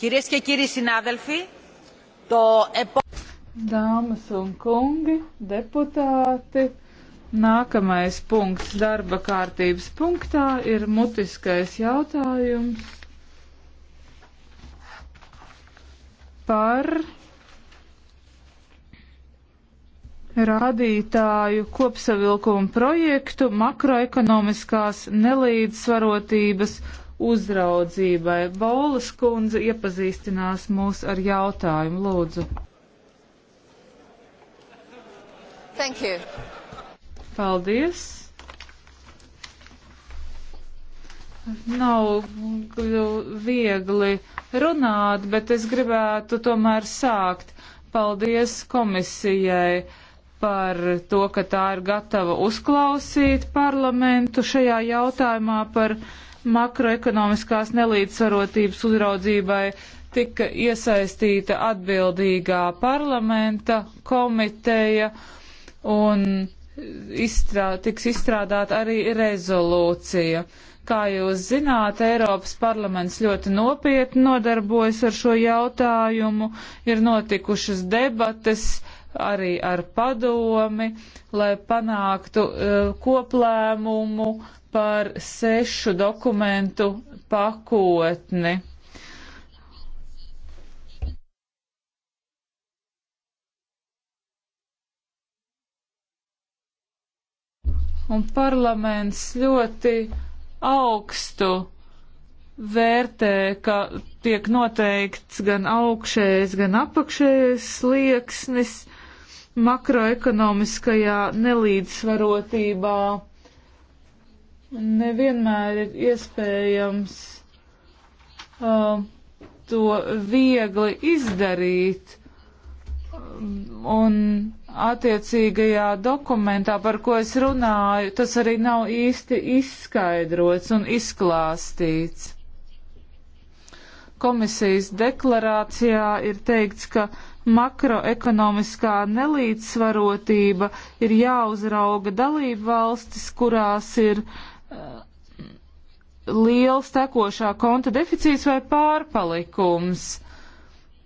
Κυρίες και κύριοι συνάδελφοι, το επόμενο... Dāmas un kungi, deputāti, nākamais punkts darba kārtības punktā ir mutiskais jautājums par rādītāju kopsavilkumu projektu makroekonomiskās nelīdzsvarotības uzraudzībai. Baulas kundze iepazīstinās mūs ar jautājumu, lūdzu. Thank you. Paldies. Nav viegli runāt, bet es gribētu tomēr sākt. Paldies komisijai par to, ka tā ir gatava uzklausīt parlamentu šajā jautājumā par makroekonomiskās nelīdzsvarotības uzraudzībai tika iesaistīta atbildīgā parlamenta komiteja un izstrā, tiks izstrādāta arī rezolūcija. Kā jūs zināt, Eiropas parlaments ļoti nopietni nodarbojas ar šo jautājumu, ir notikušas debates arī ar padomi, lai panāktu uh, koplēmumu par sešu dokumentu pakotni. Un parlaments ļoti augstu vērtē, ka tiek noteikts gan augšējais, gan apakšējais slieksnis makroekonomiskajā nelīdzsvarotībā nevienmēr ir iespējams uh, to viegli izdarīt. Un attiecīgajā dokumentā, par ko es runāju, tas arī nav īsti izskaidrots un izklāstīts. Komisijas deklarācijā ir teikts, ka makroekonomiskā nelīdzsvarotība ir jāuzrauga dalību valstis, kurās ir uh, liels tekošā konta deficīts vai pārpalikums.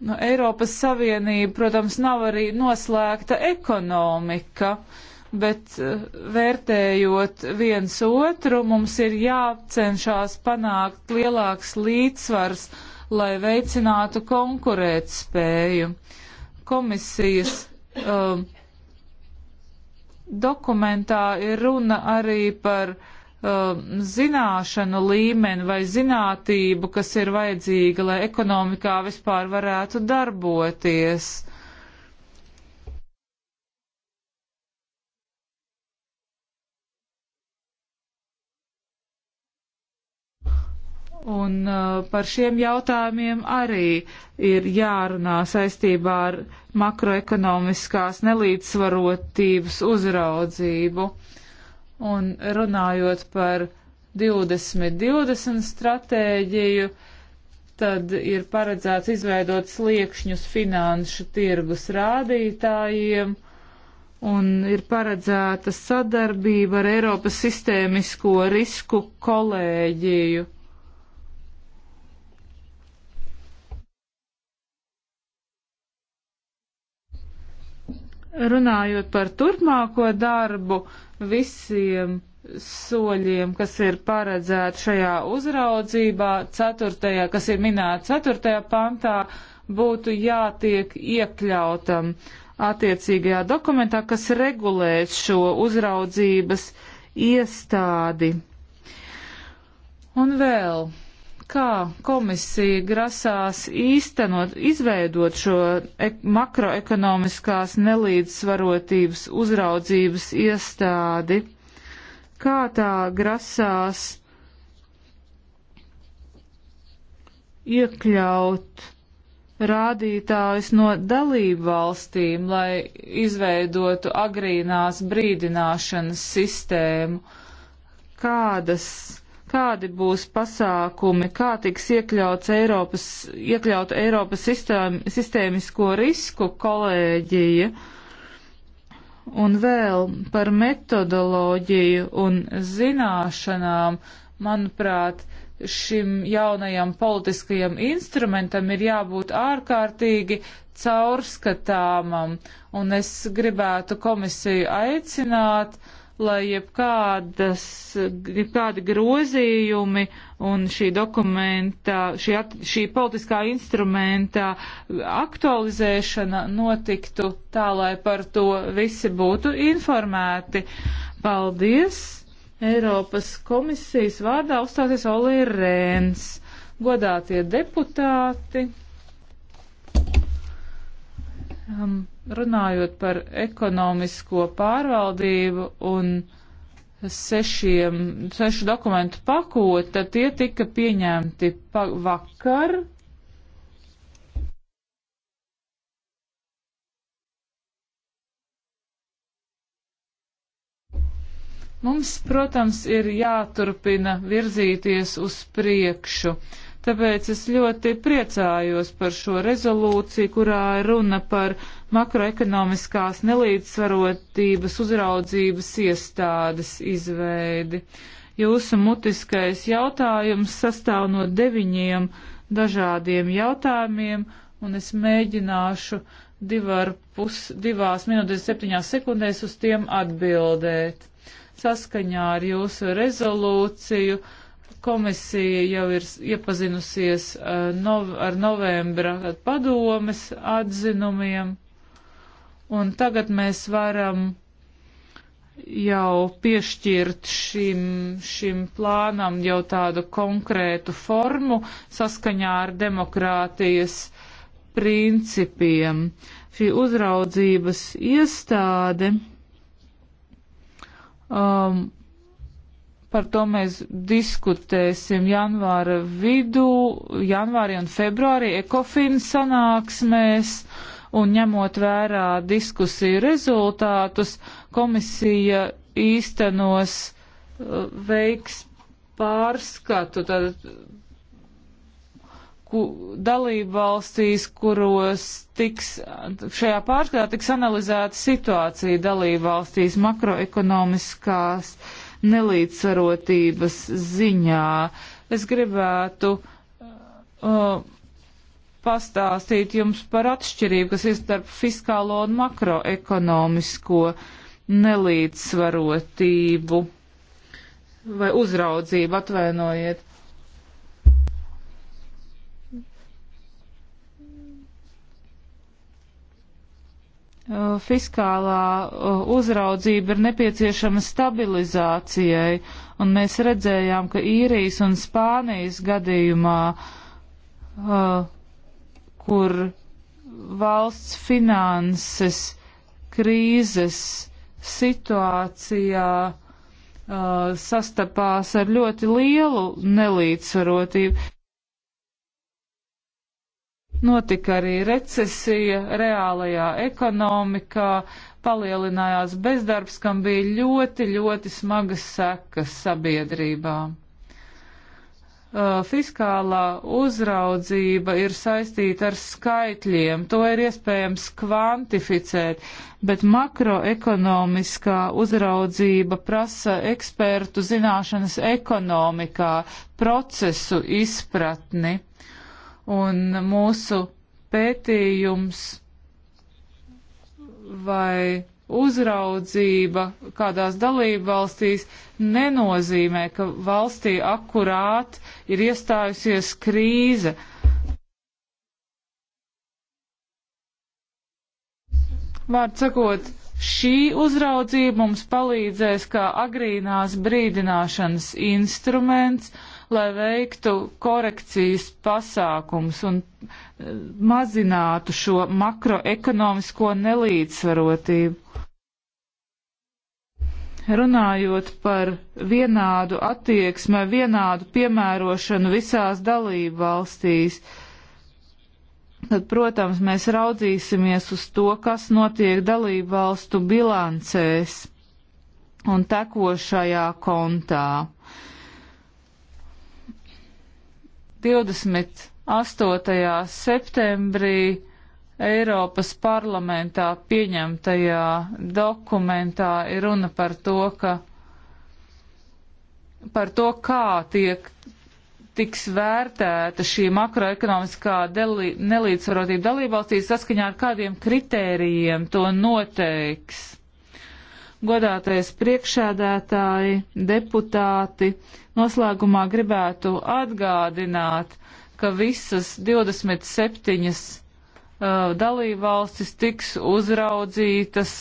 Nu, Eiropas Savienība, protams, nav arī noslēgta ekonomika, bet eh, vērtējot viens otru, mums ir jācenšas panākt lielāks līdzsvars, lai veicinātu konkurētspēju. Komisijas um, dokumentā ir runa arī par uh, Um, zināšanu līmeni vai zinātību, kas ir vajadzīga, lai ekonomikā vispār varētu darboties. Un uh, par šiem jautājumiem arī ir jārunā saistībā ar makroekonomiskās nelīdzsvarotības uzraudzību. Uh, Un runājot par 2020 stratēģiju, tad ir paredzēts izveidot sliekšņus finanšu tirgus rādītājiem un ir paredzēta sadarbība ar Eiropas sistēmisko risku kolēģiju. Runājot par turpmāko darbu, visiem soļiem, kas ir paredzēti šajā uzraudzībā, ceturtajā, kas ir minēta ceturtajā pantā, būtu jātiek iekļautam attiecīgajā dokumentā, kas regulē šo uzraudzības iestādi. Un vēl kā komisija grasās īstenot, izveidot šo ek makroekonomiskās nelīdzsvarotības uzraudzības iestādi, kā tā grasās iekļaut rādītājus no dalību valstīm, lai izveidotu agrīnās brīdināšanas sistēmu, kādas kādi būs pasākumi, kā tiks iekļauts Eiropas, iekļaut Eiropas sistēmi, sistēmisko risku kolēģija un vēl par metodoloģiju un zināšanām, manuprāt, šim jaunajam politiskajam instrumentam ir jābūt ārkārtīgi caurskatāmam, un es gribētu komisiju aicināt, uh, lai jebkādas, jebkādi grozījumi un šī dokumenta, šī, at, šī politiskā instrumenta aktualizēšana notiktu tā, lai par to visi būtu informēti. Paldies! Eiropas komisijas vārdā uzstāties Olī Rēns. Godātie deputāti! um, runājot par ekonomisko pārvaldību un sešiem, sešu dokumentu pakot, tad tie tika pieņemti pa vakar. Mums, protams, ir jāturpina virzīties uz priekšu. Uh, Tāpēc es ļoti priecājos par šo rezolūciju, kurā runa par makroekonomiskās nelīdzsvarotības uzraudzības iestādes izveidi. Jūsu mutiskais jautājums sastāv no deviņiem dažādiem jautājumiem, un es mēģināšu pus, divās minūtes septiņās sekundēs uz tiem atbildēt. Saskaņā ar jūsu rezolūciju Komisija jau ir iepazinusies uh, nov ar novembra padomes atzinumiem, un tagad mēs varam jau piešķirt šim, šim plānam jau tādu konkrētu formu saskaņā ar demokrātijas principiem. Šī uzraudzības iestāde um, Par to mēs diskutēsim janvāra vidū, janvārī un februārī ekofin sanāksmēs. Un ņemot vērā diskusiju rezultātus, komisija īstenos uh, veiks pārskatu tad, ku, dalību valstīs, kuros tiks, šajā pārskatā tiks analizēta situācija dalību valstīs makroekonomiskās uh, nelīdzsvarotības ziņā. Es gribētu uh, pastāstīt jums par atšķirību, kas ir starp fiskālo un makroekonomisko nelīdzsvarotību vai uzraudzību, atvainojiet. Eh, fiskālā eh, uzraudzība ir nepieciešama stabilizācijai, un mēs redzējām, ka īrijas un Spānijas gadījumā, eh, kur valsts finanses krīzes situācijā sastapās ar ļoti lielu nelīdzsvarotību. Notika arī recesija reālajā ekonomikā, palielinājās bezdarbs, kam bija ļoti, ļoti smagas sekas sabiedrībā. Uh, fiskālā uzraudzība ir saistīta ar skaitļiem, to ir iespējams kvantificēt, bet makroekonomiskā uzraudzība prasa ekspertu zināšanas ekonomikā, procesu izpratni un mūsu pētījums vai uzraudzība kādās dalību valstīs nenozīmē, ka valstī akurāt ir iestājusies krīze. Vārds sakot, šī uzraudzība mums palīdzēs kā agrīnās brīdināšanas instruments, uh, lai veiktu korekcijas pasākums un eh, mazinātu šo makroekonomisko nelīdzsvarotību. Runājot par vienādu attieksmi, vienādu piemērošanu visās dalību valstīs, tad, protams, mēs raudzīsimies uz to, kas notiek dalību valstu bilancēs un tekošajā kontā. 28. septembrī Eiropas parlamentā pieņemtajā dokumentā ir runa par to, ka par to, kā tiek tiks vērtēta šī makroekonomiskā delī, nelīdzsvarotība dalībvalstīs saskaņā ar kādiem kritērijiem to noteiks godātais priekšēdētāji, deputāti, noslēgumā gribētu atgādināt, ka visas 27 uh, dalībvalstis tiks uzraudzītas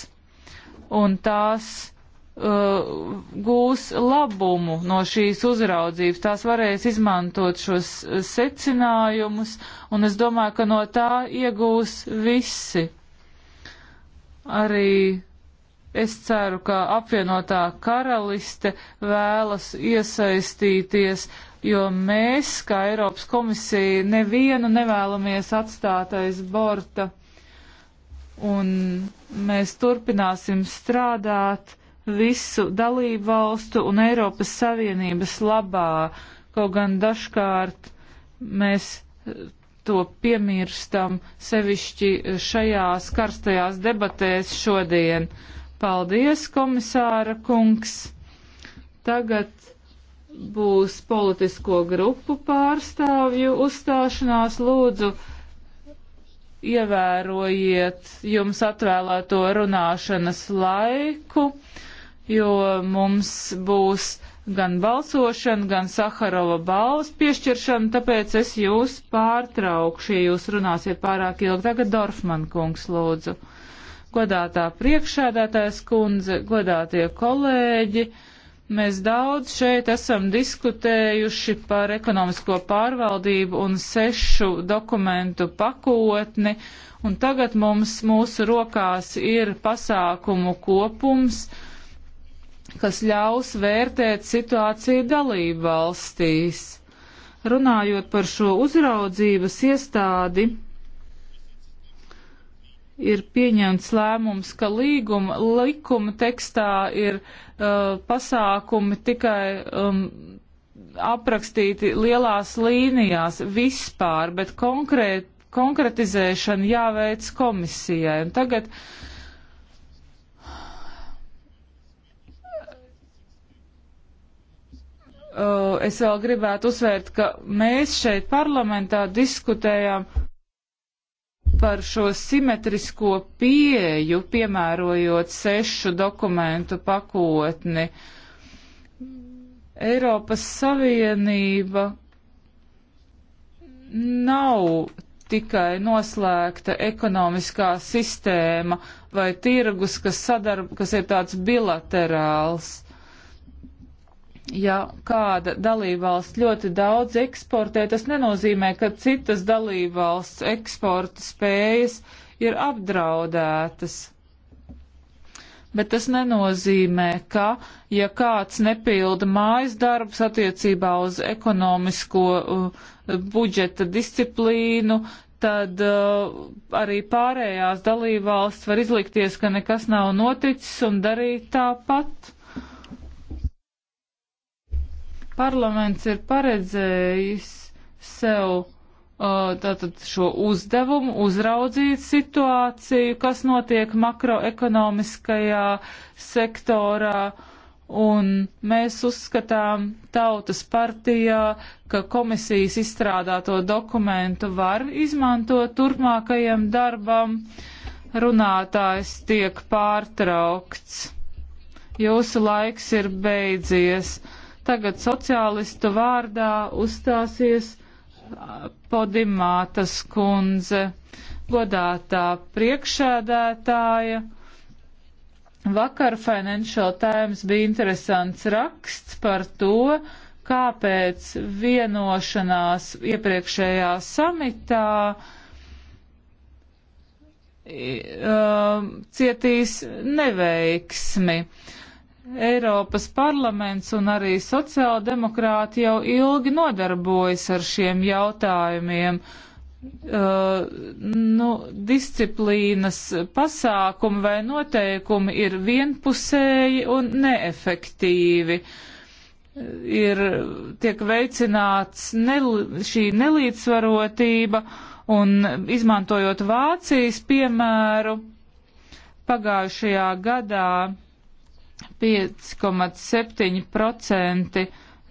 un tās uh, gūs labumu no šīs uzraudzības. Tās varēs izmantot šos secinājumus, un es domāju, ka no tā iegūs visi. Arī Es ceru, ka apvienotā karaliste vēlas iesaistīties, jo mēs, kā Eiropas komisija, nevienu nevēlamies atstāt aiz borta. Un mēs turpināsim strādāt visu dalību valstu un Eiropas Savienības labā, kaut gan dažkārt mēs to piemirstam sevišķi šajās karstajās debatēs šodien. Paldies, komisāra kungs. Tagad būs politisko grupu pārstāvju uzstāšanās. Lūdzu, ievērojiet jums atvēlēto runāšanas laiku, jo mums būs gan balsošana, gan Saharova balvas piešķiršana, tāpēc es jūs pārtraukšu, ja jūs runāsiet pārāk ilgi. Tagad Dorfman kungs lūdzu godātā priekšādātājs kundze, godātie kolēģi. Mēs daudz šeit esam diskutējuši par ekonomisko pārvaldību un sešu dokumentu pakotni, un tagad mums mūsu rokās ir pasākumu kopums, kas ļaus vērtēt situāciju dalību valstīs. Runājot par šo uzraudzības iestādi, ir pieņemts lēmums, ka līguma likuma tekstā ir uh, pasākumi tikai um, aprakstīti lielās līnijās vispār, bet konkrēt, konkretizēšana jāveic komisijai. Un tagad uh, es vēl gribētu uzsvērt, ka mēs šeit parlamentā diskutējām par šo simetrisko pieju, piemērojot sešu dokumentu pakotni. Eiropas Savienība nav tikai noslēgta ekonomiskā sistēma vai tirgus, kas, sadarb, kas ir tāds bilaterāls ja kāda dalībvalsts ļoti daudz eksportē, tas nenozīmē, ka citas dalībvalsts eksporta spējas ir apdraudētas. Bet tas nenozīmē, ka, ja kāds nepilda mājas darbus attiecībā uz ekonomisko uh, budžeta disciplīnu, tad uh, arī pārējās dalībvalsts var izlikties, ka nekas nav noticis un darīt tāpat parlaments ir paredzējis sev tātad šo uzdevumu uzraudzīt situāciju, kas notiek makroekonomiskajā sektorā. Un mēs uzskatām tautas partijā, ka komisijas izstrādāto dokumentu var izmantot turpmākajam darbam. Runātājs tiek pārtraukts. Jūsu laiks ir beidzies. Tagad sociālistu vārdā uzstāsies Podimātas kundze, godātā priekšēdētāja. Vakar Financial Times bija interesants raksts par to, kāpēc vienošanās iepriekšējā samitā um, cietīs neveiksmi. Eiropas parlaments un arī sociāldemokrāti jau ilgi nodarbojas ar šiem jautājumiem. Uh, nu, disciplīnas pasākumi vai noteikumi ir vienpusēji un neefektīvi. Ir tiek veicināts nel, šī nelīdzsvarotība un izmantojot Vācijas piemēru pagājušajā gadā 5,7%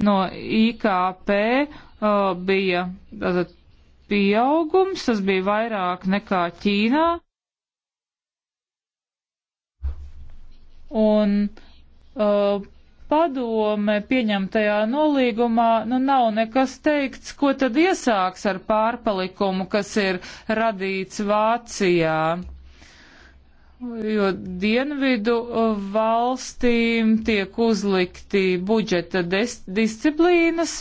no IKP uh, bija tātad, pieaugums, tas bija vairāk nekā Ķīnā. Un uh, padome pieņemtajā nolīgumā, nu nav nekas teikts, ko tad iesāks ar pārpalikumu, kas ir radīts Vācijā jo dienvidu uh, valstīm tiek uzlikti budžeta disciplīnas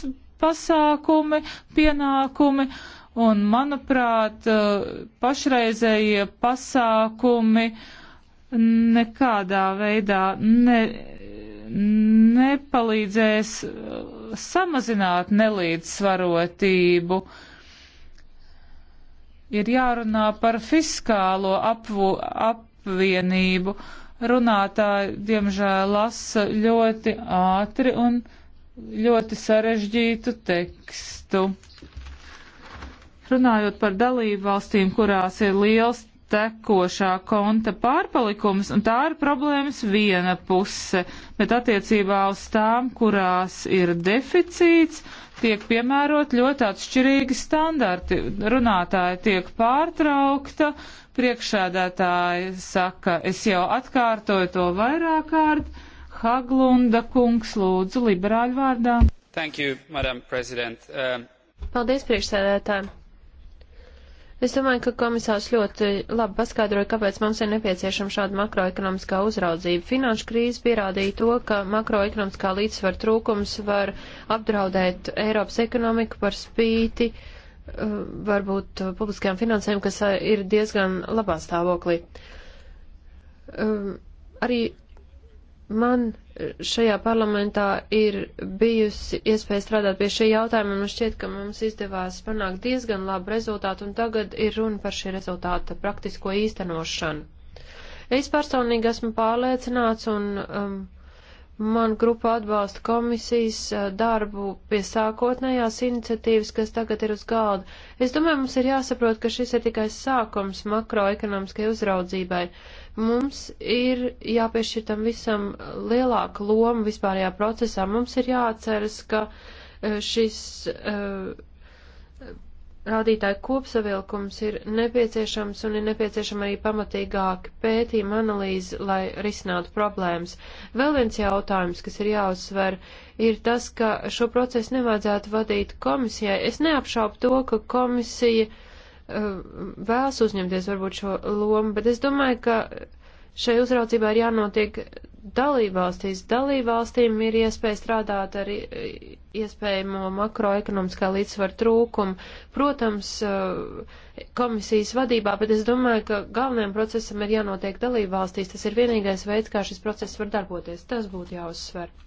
pasākumi, pienākumi, un, manuprāt, uh, pašreizējie pasākumi nekādā veidā ne, nepalīdzēs uh, samazināt nelīdzsvarotību ir jārunā par fiskālo apvu, ap, apvienību. Runātāji, diemžēl, lasa ļoti ātri un ļoti sarežģītu tekstu. Runājot par dalību valstīm, kurās ir liels tekošā konta pārpalikums, un tā ir problēmas viena puse, bet attiecībā uz tām, kurās ir deficīts, tiek piemērot ļoti atšķirīgi standarti. Runātāja tiek pārtraukta, priekšādātāja saka, es jau atkārtoju to vairāk kārt, Haglunda kungs lūdzu liberāļu vārdā. Thank you, Madam President. Um... Paldies, priekšsēdētāji. Es domāju, ka komisārs ļoti labi paskaidroja, kāpēc mums ir nepieciešama šāda makroekonomiskā uzraudzība. Finanšu krīze pierādīja to, ka makroekonomiskā līdzsvara trūkums var apdraudēt Eiropas ekonomiku par spīti uh, varbūt uh, publiskajām finansēm, kas uh, ir diezgan labā stāvoklī. Um, arī man šajā parlamentā ir bijusi iespēja strādāt pie šī jautājuma, un man šķiet, ka mums izdevās panākt diezgan labu rezultātu, un tagad ir runa par šī rezultāta praktisko īstenošanu. Es personīgi esmu pārliecināts, un um, Man grupa atbalsta komisijas eh, darbu pie sākotnējās iniciatīvas, kas tagad ir uz galda. Es domāju, mums ir jāsaprot, ka šis ir tikai sākums makroekonomiskai uzraudzībai. Mums ir jāpiešķir tam visam lielāka loma vispārējā procesā. Mums ir jāatceras, ka eh, šis. Uh, rādītāju kopsavilkums ir nepieciešams un ir nepieciešama arī pamatīgāka pētījuma analīze, lai risinātu problēmas. Vēl viens jautājums, kas ir jāuzsver, ir tas, ka šo procesu nevajadzētu vadīt komisijai. Es neapšaubu to, ka komisija uh, vēlas uzņemties varbūt šo lomu, bet es domāju, ka šai uzraucībā ir jānotiek dalībvalstīs. Dalībvalstīm ir iespēja strādāt ar iespējamo makroekonomiskā līdzsvaru trūkumu. Protams, eh, komisijas vadībā, bet es domāju, ka galvenajam procesam ir jānotiek dalībvalstīs. Tas ir vienīgais veids, kā šis process var darboties. Tas būtu jāuzsver.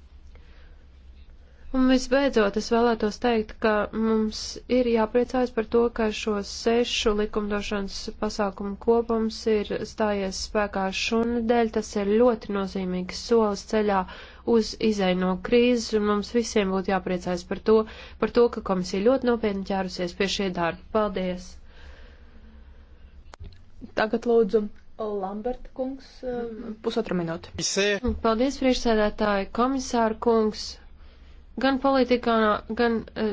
Un visbeidzot, es vēlētos teikt, ka mums ir jāpriecājas par to, ka šo sešu likumdošanas pasākumu kopums ir stājies spēkā šonadēļ. Tas ir ļoti nozīmīgs solis ceļā uz izēju no krīzes, un mums visiem būtu jāpriecājas par to, par to, ka komisija ļoti nopietni ķērusies pie šie darba. Paldies! Tagad lūdzu Lamberta kungs, eh, pusotra minūte. Paldies, priekšsēdētāji, komisāra kungs, Gan politikā, gan uh,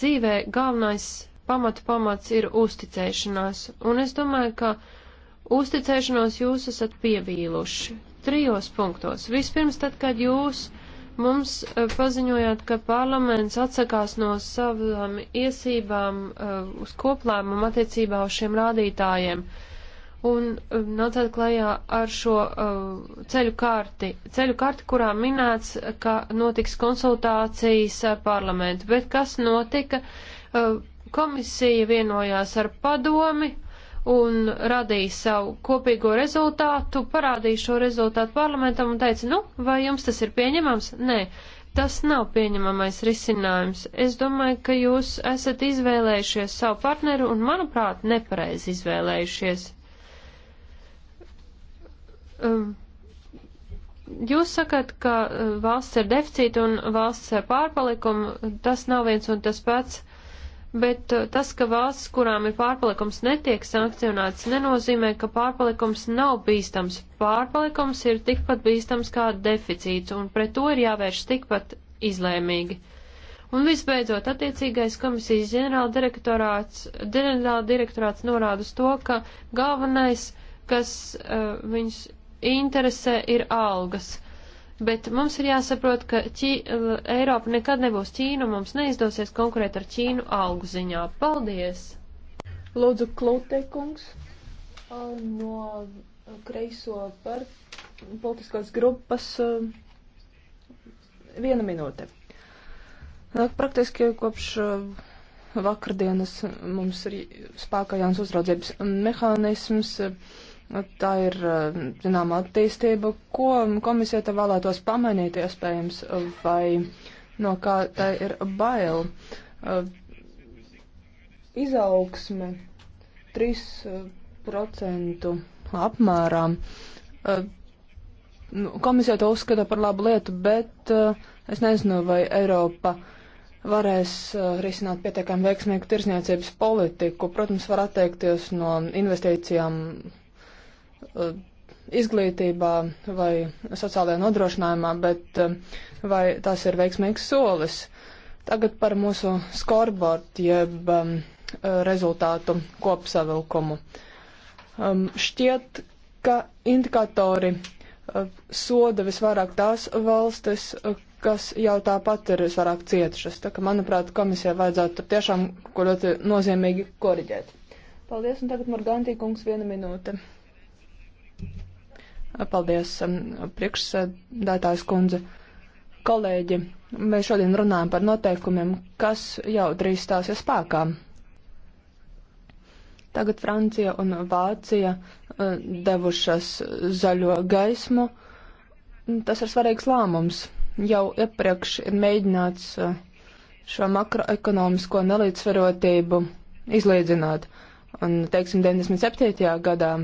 dzīvē galvenais pamata pamats ir uzticēšanās, un es domāju, ka uzticēšanos jūs esat pievīluši trijos punktos. Vispirms tad, kad jūs mums uh, paziņojāt, ka parlaments atsakās no savām iesībām uh, uz koplēmumu attiecībā uz šiem rādītājiem. Uh, un um, nācāt klajā ar šo uh, ceļu karti. Ceļu karti, kurā minēts, ka notiks konsultācijas ar parlamentu, bet kas notika? Uh, komisija vienojās ar padomi un radīja savu kopīgo rezultātu, parādīja šo rezultātu parlamentam un teica, nu, vai jums tas ir pieņemams? Nē, tas nav pieņemamais risinājums. Es domāju, ka jūs esat izvēlējušies savu partneru un, manuprāt, nepareizi izvēlējušies. Um, jūs sakat, ka uh, valsts ir deficīta un valsts ir pārpalikuma, tas nav viens un tas pats, bet uh, tas, ka valsts, kurām ir pārpalikums, netiek sankcionēts, nenozīmē, ka pārpalikums nav bīstams. Pārpalikums ir tikpat bīstams kā deficīts, un pret to ir jāvērš tikpat izlēmīgi. Un visbeidzot, attiecīgais komisijas ģenerāldirektorāts, ģenerāldirektorāts norāda uz to, ka galvenais, kas uh, viņus interesē ir algas. Bet mums ir jāsaprot, ka ķi, Eiropa nekad nebūs Ķīna, mums neizdosies konkurēt ar Ķīnu algu ziņā. Paldies! Lūdzu, Klūteikungs no kreiso par politiskās grupas viena minūte. Praktiski kopš vakardienas mums ir spēkā jauns uzraudzības mehānisms. Nu, tā ir, eh, zinām, attīstība, ko komisija te vēlētos pamanīt, iespējams, vai no kā tā ir bail. Eh, izaugsme 3% eh, apmērā. Nu, komisija to uzskata par labu lietu, bet es nezinu, vai Eiropa varēs risināt pietiekami veiksmīgu tirsniecības politiku. Protams, var atteikties no investīcijām Uh, izglītībā vai sociālajā nodrošinājumā, bet uh, vai tas ir veiksmīgs solis. Tagad par mūsu scoreboard jeb um, rezultātu kopsavilkumu. Um, šķiet, ka indikatori uh, soda visvairāk tās valstis, uh, kas jau tāpat ir visvairāk cietušas. Tā ka, manuprāt, komisijai vajadzētu tur tiešām ko ļoti nozīmīgi koriģēt. Paldies, un tagad Morgantī kungs viena minūte. Paldies, um, priekšsēdētājs kundze. Kolēģi, mēs šodien runājam par noteikumiem, kas jau drīz stāsies spēkā. Tagad Francija un Vācija uh, devušas zaļo gaismu. Tas ir svarīgs lēmums. Jau iepriekš ir mēģināts uh, šo makroekonomisko nelīdzsvarotību izlīdzināt. Un, teiksim, 97. gadā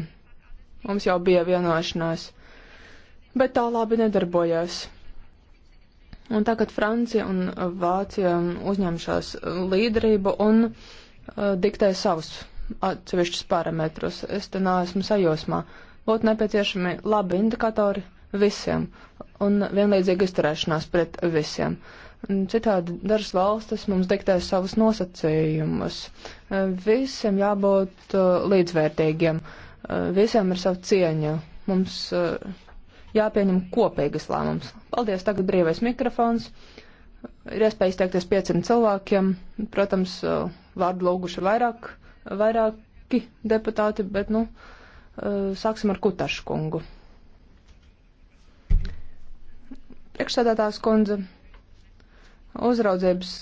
Mums jau bija vienošanās, bet tā labi nedarbojās. Un tagad Francija un Vācija uzņemšās līderību un uh, diktē savus atsevišķus parametrus. Es te neesmu sajūsmā. Būtu nepieciešami labi indikatori visiem un vienlīdzīga izturēšanās pret visiem. Citādi dažas valstis mums diktē savus nosacījumus. Visiem jābūt uh, līdzvērtīgiem. Uh, Eh, visiem ir savu cieņu. Mums eh, jāpieņem kopīgas lēmums. Paldies, tagad brīvais mikrofons. Ir iespēja izteikties pieciem cilvēkiem. Protams, eh, vārdu lūguši vairāk, vairāki deputāti, bet, nu, sāksim ar Kutašu kungu. Priekšsēdētājs kundze, uzraudzības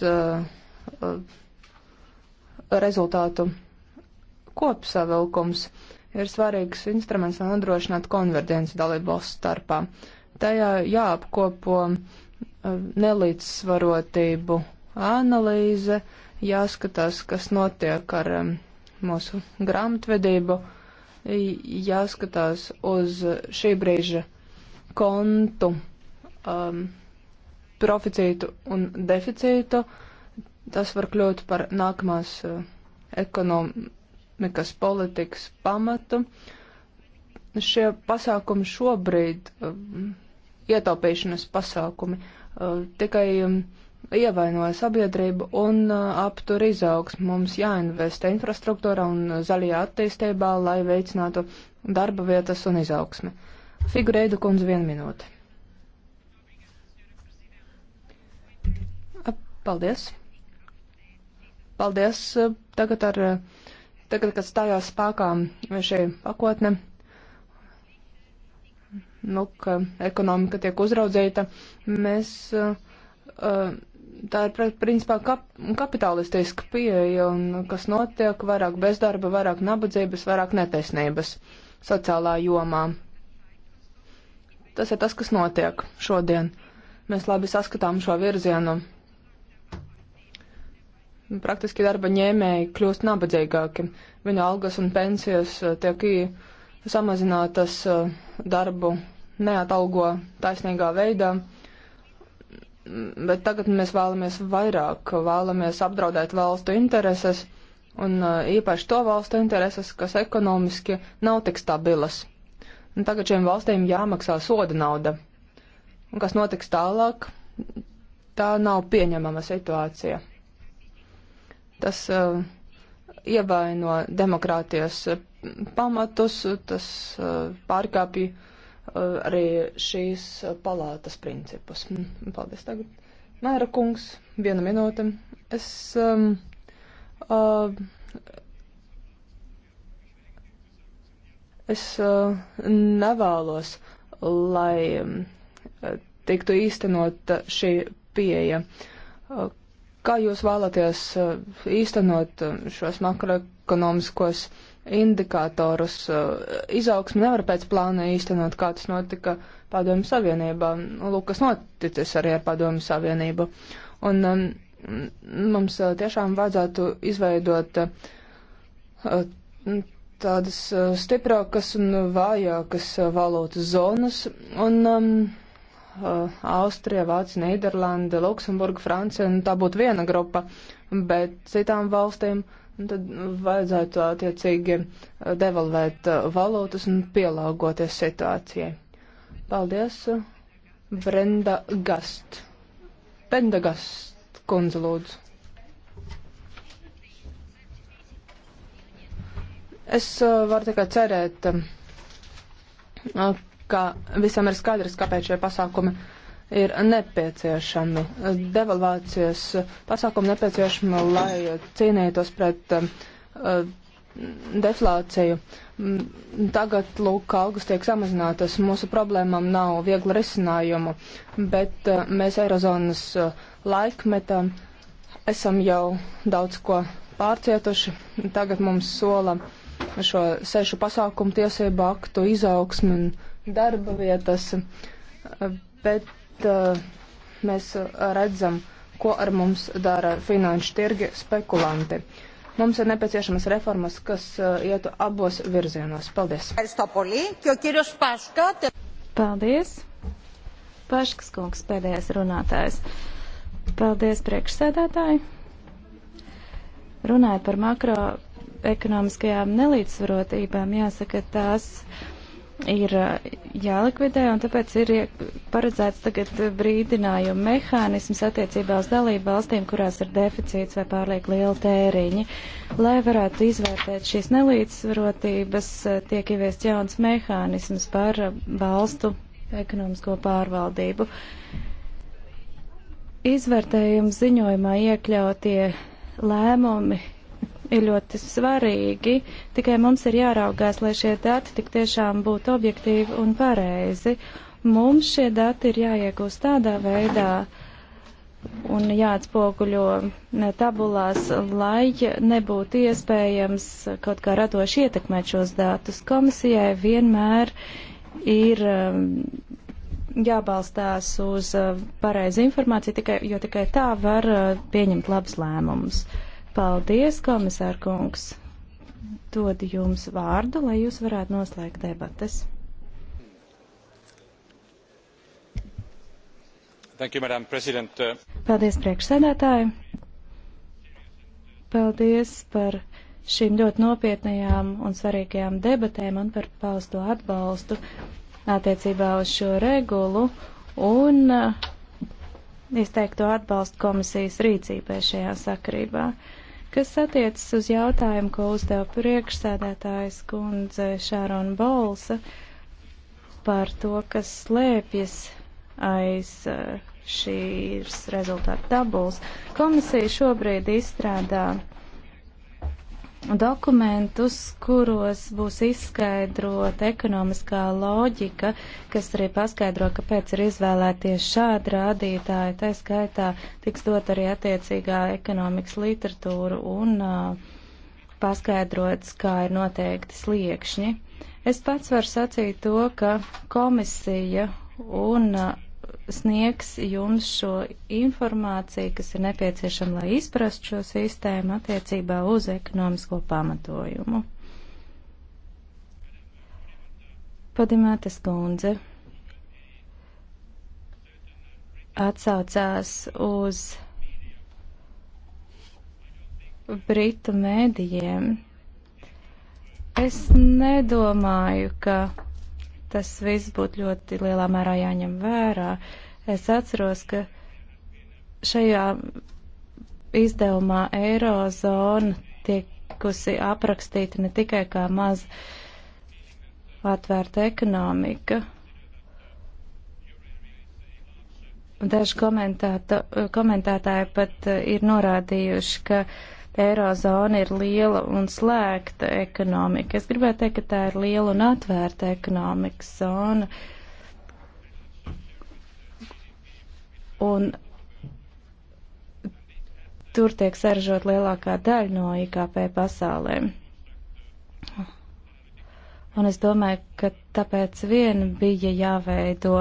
rezultātu kopsavilkums ir svarīgs instruments, lai nodrošinātu konverģenci dalībvalstu starpā. Tajā jāapkopo uh, nelīdzsvarotību analīze, jāskatās, kas notiek ar um, mūsu grāmatvedību, jāskatās uz šī brīža kontu um, proficītu un deficītu. Tas var kļūt par nākamās uh, ekonomikas ekonomikas politikas pamatu. Šie pasākumi šobrīd, eh, ietaupīšanas pasākumi, eh, tikai mm, ievaino sabiedrību un eh, aptur izaugsmu. Mums jāinvestē infrastruktūrā un zaļajā attīstībā, lai veicinātu darba vietas un izaugsmi. Figureidu kundze vienu minūti. Paldies. Paldies. Tagad ar Tagad, kad stājās spēkā šī pakotne, nu, ka ekonomika tiek uzraudzīta, mēs, uh, uh, tā ir principā kap, kapitalistiska pieeja, un kas notiek, vairāk bezdarba, vairāk nabadzības, vairāk netaisnības sociālā jomā. Tas ir tas, kas notiek šodien. Mēs labi saskatām šo virzienu praktiski darba ņēmēji kļūst nabadzīgāki. Viņu algas un pensijas eh, tiek samazinātas eh, darbu neatalgo taisnīgā veidā. Bet tagad mēs vēlamies vairāk, vēlamies apdraudēt valstu intereses un eh, īpaši to valstu intereses, kas ekonomiski nav tik stabilas. Un tagad šiem valstīm jāmaksā soda nauda. Un kas notiks tālāk, tā nav pieņemama situācija. Tas uh, ievaino demokrātijas eh, pamatus, tas uh, eh, pārkāpja uh, arī šīs palātas principus. Mm, paldies tagad. Mēra kungs, viena minūte. Es um, uh, es uh, nevēlos, lai uh, tiktu īstenot šī pieeja, uh, Kā jūs vēlaties eh, īstenot eh, šos makroekonomiskos indikatorus? Eh, Izaugsmi nevar pēc plāna īstenot, kā tas notika Padomju Savienībā. Lūk, kas noticis arī ar Padomju Savienību. Un um, mums tiešām vajadzētu izveidot uh, tādas stiprākas un vājākas valūtas zonas. Un, um, Eh, Austrija, Vācija, Nīderlanda, Luksemburga, Francija, un nu, tā būtu viena grupa, bet citām valstīm nu, tad vajadzētu attiecīgi eh, devalvēt eh, valūtas un pielāgoties situācijai. Paldies, Brenda Gast. Brenda Gast, kundze lūdzu. Es varu tikai cerēt, ka visam ir skaidrs, kāpēc šie pasākumi ir nepieciešami. Devalvācijas pasākumi nepieciešami, lai cīnītos pret um, uh, deflāciju. Mm, tagad, lūk, algas tiek samazinātas, mūsu problēmām nav viegla risinājuma, bet uh, mēs Eirozonas uh, laikmetā esam jau daudz ko pārcietuši. Tagad mums sola šo sešu pasākumu tiesību aktu izaugsmu un darba vietas, bet eh, mēs redzam, ko ar mums dara finanšu tirgi spekulanti. Mums ir nepieciešamas reformas, kas eh, ietu abos virzienos. Paldies! Paldies! Paškas kungs pēdējais runātājs. Paldies priekšsēdētāji! Runājot par makroekonomiskajām nelīdzsvarotībām, jāsaka, tās ir uh, jālikvidē, un tāpēc ir paredzēts tagad brīdinājumu mehānisms attiecībā uz dalību valstīm, kurās ir deficīts vai pārliek liela tēriņa. Lai varētu izvērtēt šīs nelīdzsvarotības, uh, tiek ieviest jauns mehānisms par uh, valstu ekonomisko pārvaldību. Izvērtējums ziņojumā iekļautie lēmumi ir ļoti svarīgi, tikai mums ir jāraugās, lai šie dati tik tiešām būtu objektīvi un pareizi. Mums šie dati ir jāiegūst tādā veidā un jāatspoguļo tabulās, lai nebūtu iespējams kaut kā radoši ietekmēt šos datus. Komisijai vienmēr ir um, jābalstās uz uh, pareizu informāciju, tikai, jo tikai tā var uh, pieņemt labus lēmumus. Uh, Paldies, komisārkungs! Dodu jums vārdu, lai jūs varētu noslēgt debates. You, Paldies, priekšsēdētāji! Paldies par šīm ļoti nopietnajām un svarīgajām debatēm un par pausto atbalstu attiecībā uz šo regulu un uh, izteikto atbalstu komisijas rīcībai šajā sakarībā. Kas attiecas uz jautājumu, ko uzdeva priekšsēdētājs kundze Šārona Bolsa par to, kas slēpjas aiz eh, šīs rezultātu tabulas, komisija šobrīd izstrādā dokumentus, kuros būs izskaidrota ekonomiskā loģika, kas arī paskaidro, kāpēc ir izvēlēties šādi rādītāji. Tā skaitā tiks dot arī attiecīgā ekonomikas literatūra un uh, paskaidrots, kā ir noteikti sliekšņi. Es pats varu sacīt to, ka komisija un uh, sniegs jums šo informāciju, kas ir nepieciešama, lai izprastu šo sistēmu attiecībā uz ekonomisko pamatojumu. Padimētas kundze atsaucās uz Britu mēdījiem. Es nedomāju, ka Tas viss būtu ļoti lielā mērā jāņem vērā. Es atceros, ka šajā izdevumā Eirozona tiekusi aprakstīta ne tikai kā maz atvērta ekonomika. Daži komentētāji pat ir norādījuši, ka uh, Eirozona ir liela un slēgta ekonomika. Es gribētu teikt, ka tā ir liela un atvērta ekonomikas zona. Un tur tiek saražot lielākā daļa no IKP pasaulēm. Un es domāju, ka tāpēc vien bija jāveido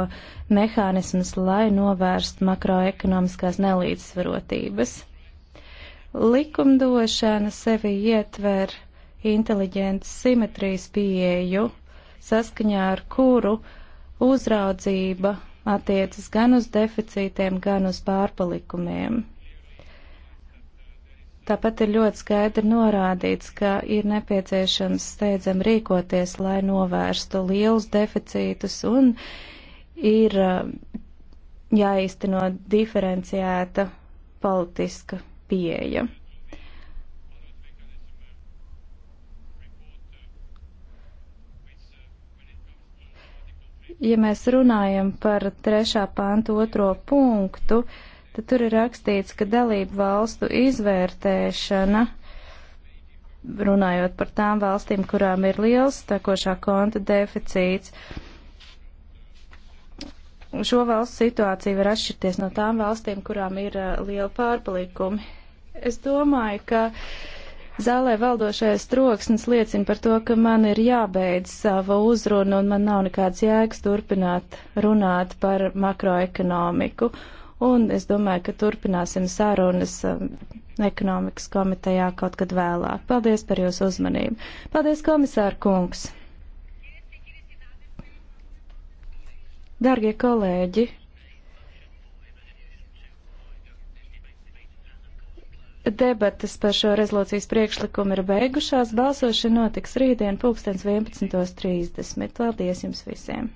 mehānisms, lai novērst makroekonomiskās nelīdzsvarotības. Likumdošana sevi ietver inteliģents simetrijas pieeju, saskaņā ar kuru uzraudzība attiecas gan uz deficītiem, gan uz pārpalikumiem. Tāpat ir ļoti skaidri norādīts, ka ir nepieciešams steidzam rīkoties, lai novērstu lielus deficītus un ir uh, jāīsteno diferenciēta politiska pieeja. Ja mēs runājam par trešā pānta otro punktu, tad tur ir rakstīts, ka dalību valstu izvērtēšana runājot par tām valstīm, kurām ir liels tekošā konta deficīts. Šo valstu situācija var atšķirties no tām valstīm, kurām ir eh, liela pārpalikumi. Es domāju, ka zālē valdošais troksnis liecina par to, ka man ir jābeidz sava uzruna un man nav nekāds jēgas turpināt runāt par makroekonomiku. Un es domāju, ka turpināsim sarunas um, ekonomikas komitejā kaut kad vēlāk. Paldies par jūsu uzmanību. Paldies, komisāra kungs! Dargie kolēģi, Debates par šo rezolūcijas priekšlikumu ir beigušās. Balsošana notiks rītdien pulkstens 11.30. Paldies jums visiem!